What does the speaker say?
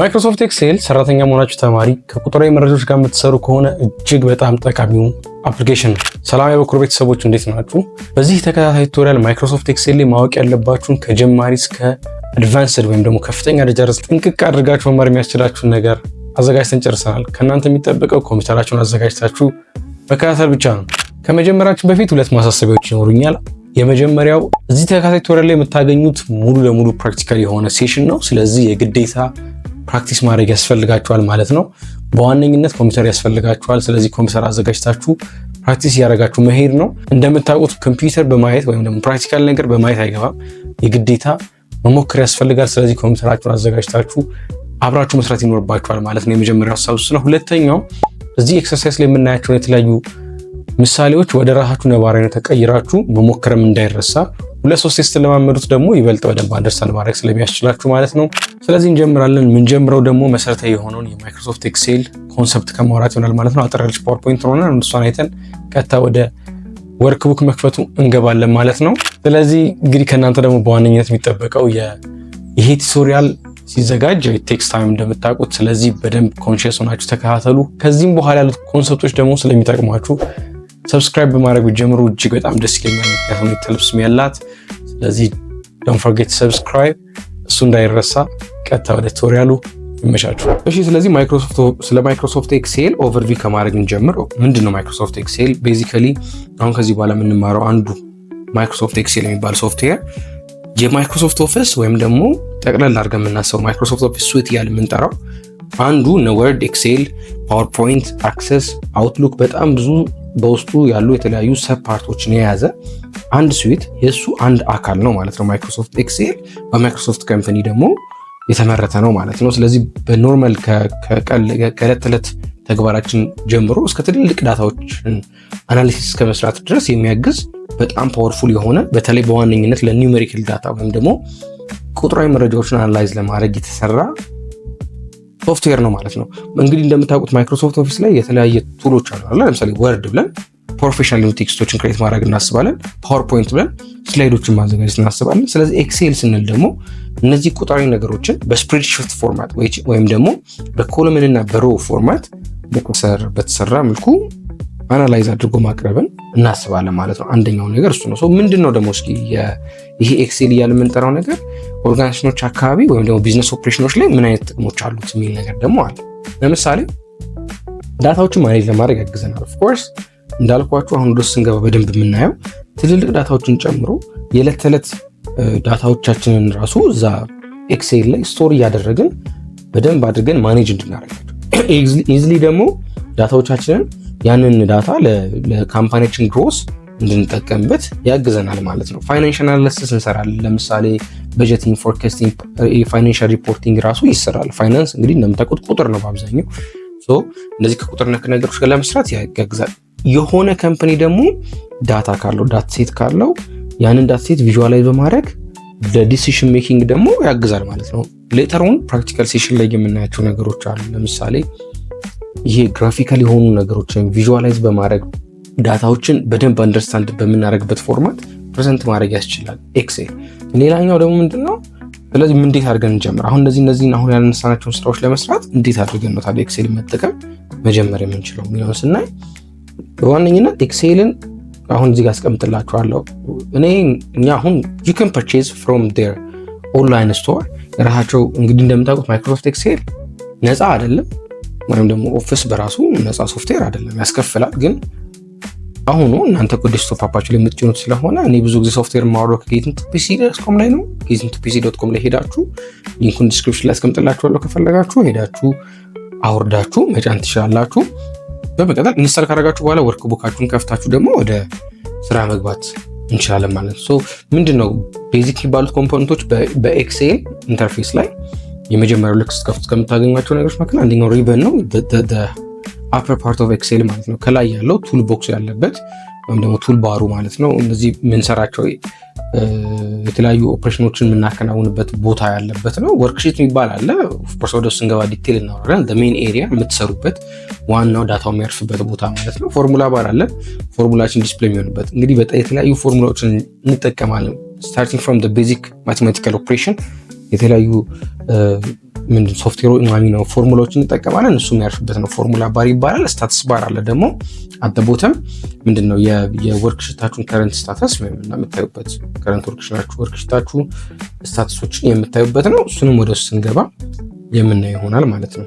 ማይክሮሶፍት ኤክሴል ሰራተኛ መሆናችሁ ተማሪ ከቁጥራዊ መረጃዎች ጋር የምትሰሩ ከሆነ እጅግ በጣም ጠቃሚው አፕሊኬሽን ነው። ሰላም የበኩር ቤተሰቦች እንዴት ናችሁ? በዚህ ተከታታይ ቱቶሪያል ማይክሮሶፍት ኤክሴል ላይ ማወቅ ያለባችሁን ከጀማሪ እስከ አድቫንስድ ወይም ደግሞ ከፍተኛ ደረጃ ድረስ ጥንቅቅ አድርጋችሁ መማር የሚያስችላችሁን ነገር አዘጋጅተን ጨርሰናል። ከእናንተ የሚጠበቀው ኮምፒውተራችሁን አዘጋጅታችሁ መከታተል ብቻ ነው። ከመጀመራችን በፊት ሁለት ማሳሰቢያዎች ይኖሩኛል። የመጀመሪያው እዚህ ተከታታይ ቱቶሪያል ላይ የምታገኙት ሙሉ ለሙሉ ፕራክቲካል የሆነ ሴሽን ነው። ስለዚህ የግዴታ ፕራክቲስ ማድረግ ያስፈልጋችኋል ማለት ነው። በዋነኝነት ኮምፒውተር ያስፈልጋችኋል። ስለዚህ ኮምፒውተር አዘጋጅታችሁ ፕራክቲስ እያደረጋችሁ መሄድ ነው። እንደምታውቁት ኮምፒውተር በማየት ወይም ደግሞ ፕራክቲካል ነገር በማየት አይገባም፣ የግዴታ መሞከር ያስፈልጋል። ስለዚህ ኮምፒውተራችሁን አዘጋጅታችሁ አብራችሁ መስራት ይኖርባችኋል ማለት ነው። የመጀመሪያው ሀሳብ እሱ ነው። ሁለተኛው እዚህ ኤክሰርሳይስ ላይ የምናያቸውን የተለያዩ ምሳሌዎች ወደ ራሳችሁ ነባራዊነት ተቀይራችሁ መሞከርም እንዳይረሳ። ሁለት ሶስት ስትለማመዱት ደግሞ ይበልጥ በደንብ አንደርስታንድ ማድረግ ስለሚያስችላችሁ ማለት ነው። ስለዚህ እንጀምራለን። የምንጀምረው ደግሞ መሰረታዊ የሆነውን የማይክሮሶፍት ኤክሴል ኮንሰፕት ከማውራት ይሆናል ማለት ነው። አጠራለች ፓወርፖይንት ሆነ እሷን አይተን ቀጥታ ወደ ወርክቡክ መክፈቱ እንገባለን ማለት ነው። ስለዚህ እንግዲህ ከእናንተ ደግሞ በዋነኝነት የሚጠበቀው ይሄ ቱቶሪያል ሲዘጋጅ ቴክስ ታይም እንደምታውቁት፣ ስለዚህ በደንብ ኮንሽስ ሆናችሁ ተከታተሉ። ከዚህም በኋላ ያሉት ኮንሰፕቶች ደግሞ ስለሚጠቅሟችሁ ሰብስክራይብ በማድረግ ጀምሮ እጅግ በጣም ደስ ይለኛል፣ ምክንያቱም የተልብስም ያላት ስለዚህ ዶንት ፎርጌት ሰብስክራይብ እሱ እንዳይረሳ ቀጥታ ወደ ቱቶሪያሉ ይመሻችሁ። እሺ፣ ስለዚህ ስለ ማይክሮሶፍት ኤክሴል ኦቨርቪው ከማድረግ እንጀምር። ምንድን ነው ማይክሮሶፍት ኤክሴል? ቤዚካሊ አሁን ከዚህ በኋላ የምንማረው አንዱ ማይክሮሶፍት ኤክሴል የሚባል ሶፍትዌር የማይክሮሶፍት ኦፊስ ወይም ደግሞ ጠቅለል አድርገን የምናስበው ማይክሮሶፍት ኦፊስ ስዊት እያል የምንጠራው አንዱ ወርድ፣ ኤክሴል፣ ፓወርፖይንት፣ አክሰስ፣ አውትሉክ በጣም ብዙ በውስጡ ያሉ የተለያዩ ሰብ ፓርቶችን የያዘ አንድ ስዊት የእሱ አንድ አካል ነው ማለት ነው ማይክሮሶፍት ኤክሴል በማይክሮሶፍት ከምፐኒ ደግሞ የተመረተ ነው ማለት ነው። ስለዚህ በኖርማል ከዕለት ተዕለት ተግባራችን ጀምሮ እስከ ትልልቅ ዳታዎችን አናሊሲስ እስከመስራት ድረስ የሚያግዝ በጣም ፓወርፉል የሆነ በተለይ በዋነኝነት ለኒውሜሪካል ዳታ ወይም ደግሞ ቁጥራዊ መረጃዎችን አናላይዝ ለማድረግ የተሰራ ሶፍትዌር ነው ማለት ነው። እንግዲህ እንደምታውቁት ማይክሮሶፍት ኦፊስ ላይ የተለያየ ቱሎች አሉ። ለምሳሌ ወርድ ብለን ፕሮፌሽናል የሆኑ ቴክስቶችን ክሬት ማድረግ እናስባለን። ፓወርፖይንት ብለን ስላይዶችን ማዘጋጀት እናስባለን። ስለዚህ ኤክሴል ስንል ደግሞ እነዚህ ቁጣሪ ነገሮችን በስፕሬድሽፍት ፎርማት ወይም ደግሞ በኮለምንና በሮ ፎርማት በተሰራ መልኩ አናላይዝ አድርጎ ማቅረብን እናስባለን ማለት ነው። አንደኛው ነገር እሱ ነው። ምንድን ነው ደግሞ እስኪ ይሄ ኤክሴል እያል የምንጠራው ነገር ኦርጋናይዜሽኖች አካባቢ ወይም ደግሞ ቢዝነስ ኦፕሬሽኖች ላይ ምን አይነት ጥቅሞች አሉት የሚል ነገር ደግሞ አለ። ለምሳሌ ዳታዎችን ማኔጅ ለማድረግ ያግዘናል ኦፍኮርስ እንዳልኳችሁ አሁን ደስ ስንገባ በደንብ የምናየው ትልልቅ ዳታዎችን ጨምሮ የዕለት ተዕለት ዳታዎቻችንን ራሱ እዛ ኤክሴል ላይ ስቶር እያደረግን በደንብ አድርገን ማኔጅ እንድናደርጋቸው ኢዝሊ ደግሞ ዳታዎቻችንን ያንን ዳታ ለካምፓኒያችን ግሮስ እንድንጠቀምበት ያግዘናል ማለት ነው። ፋይናንሽል አናሊሲስ እንሰራለን። ለምሳሌ በጀቲንግ፣ ፎርካስቲንግ፣ ፋይናንሽል ሪፖርቲንግ ራሱ ይሰራል። ፋይናንስ እንግዲህ እንደምታውቁት ቁጥር ነው በአብዛኛው። እንደዚህ ከቁጥር ነክ ነገሮች ጋር ለመስራት ያግዛል። የሆነ ከምፕኒ ደግሞ ዳታ ካለው ዳታ ሴት ካለው ያንን ዳታ ሴት ቪዥዋላይዝ በማድረግ ለዲሲሽን ሜኪንግ ደግሞ ያግዛል ማለት ነው። ሌተሩን ፕራክቲካል ሴሽን ላይ የምናያቸው ነገሮች አሉ። ለምሳሌ ይሄ ግራፊካል የሆኑ ነገሮችን ቪዥዋላይዝ በማድረግ ዳታዎችን በደንብ አንደርስታንድ በምናደርግበት ፎርማት ፕሬዘንት ማድረግ ያስችላል ኤክሴል። ሌላኛው ደግሞ ምንድን ነው? ስለዚህ እንዴት አድርገን እንጀምር? አሁን እነዚህ እነዚህን አሁን ያነሳናቸውን ስራዎች ለመስራት እንዴት አድርገን ነው ታዲያ ኤክሴል መጠቀም መጀመር የምንችለው የሚለውን ስናይ በዋነኝነት ኤክሴልን አሁን እዚህ ጋር አስቀምጥላችኋለሁ። እኔ እኛ አሁን ዩ ከን ፐርቼዝ ፍሮም ዴር ኦንላይን ስቶር የራሳቸው እንግዲህ እንደምታውቁት ማይክሮሶፍት ኤክሴል ነፃ አይደለም፣ ወይም ደግሞ ኦፊስ በራሱ ነፃ ሶፍትዌር አይደለም፣ ያስከፍላል። ግን አሁኑ እናንተ ዴስክቶፕ አፓችሁ ላይ የምትጭኑት ስለሆነ እኔ ብዙ ጊዜ ሶፍትዌር ማውረው ከጌትም ቱፒሲ ዶት ላይ ነው። ጌትም ቱፒሲ ዶት ላይ ሄዳችሁ ሊንኩን ዲስክሪፕሽን ላይ አስቀምጥላችኋለሁ። ከፈለጋችሁ ሄዳችሁ አውርዳችሁ መጫን ትችላላችሁ። በመቀጠል ኢንስታል ካረጋችሁ በኋላ ወርክ ቡካችሁን ከፍታችሁ ደግሞ ወደ ስራ መግባት እንችላለን ማለት ነው። ምንድን ነው ቤዚክ የሚባሉት ኮምፖነንቶች በኤክስኤል ኢንተርፌስ ላይ የመጀመሪያው ልክ ስትከፍቱት ከምታገኟቸው ነገሮች መካከል አንደኛው ሪበን ነው፣ አፐር ፓርት ኦፍ ኤክስኤል ማለት ነው። ከላይ ያለው ቱል ቦክስ ያለበት ወይም ደግሞ ቱል ባሩ ማለት ነው። እነዚህ የምንሰራቸው የተለያዩ ኦፕሬሽኖችን የምናከናውንበት ቦታ ያለበት ነው። ወርክሺት የሚባል አለ። ኦፍኮርስ ወደ ስንገባ ዲቴል እናወራለን። ሜን ኤሪያ የምትሰሩበት ዋናው ዳታው የሚያርፍበት ቦታ ማለት ነው። ፎርሙላ ባር አለ። ፎርሙላችን ዲስፕሌይ የሚሆንበት እንግዲህ የተለያዩ ፎርሙላዎችን እንጠቀማለን። ስታርቲንግ ፍሮም ቤዚክ ማቴማቲካል ኦፕሬሽን የተለያዩ ምንድን ሶፍትዌሩ ኢማሚ ነው ፎርሙላዎችን እንጠቀማለን። እሱ የሚያርፍበት ነው። ፎርሙላ ባር ይባላል። ስታትስ ባር አለ ደግሞ አጠቦተም ምንድን ነው ሽታችሁን ከረንት ስታተስ ወይም የምታዩበት ከረንት ሽታችሁ ስታትሶችን የምታዩበት ነው። እሱንም ወደ ስንገባ የምናየው ይሆናል ማለት ነው።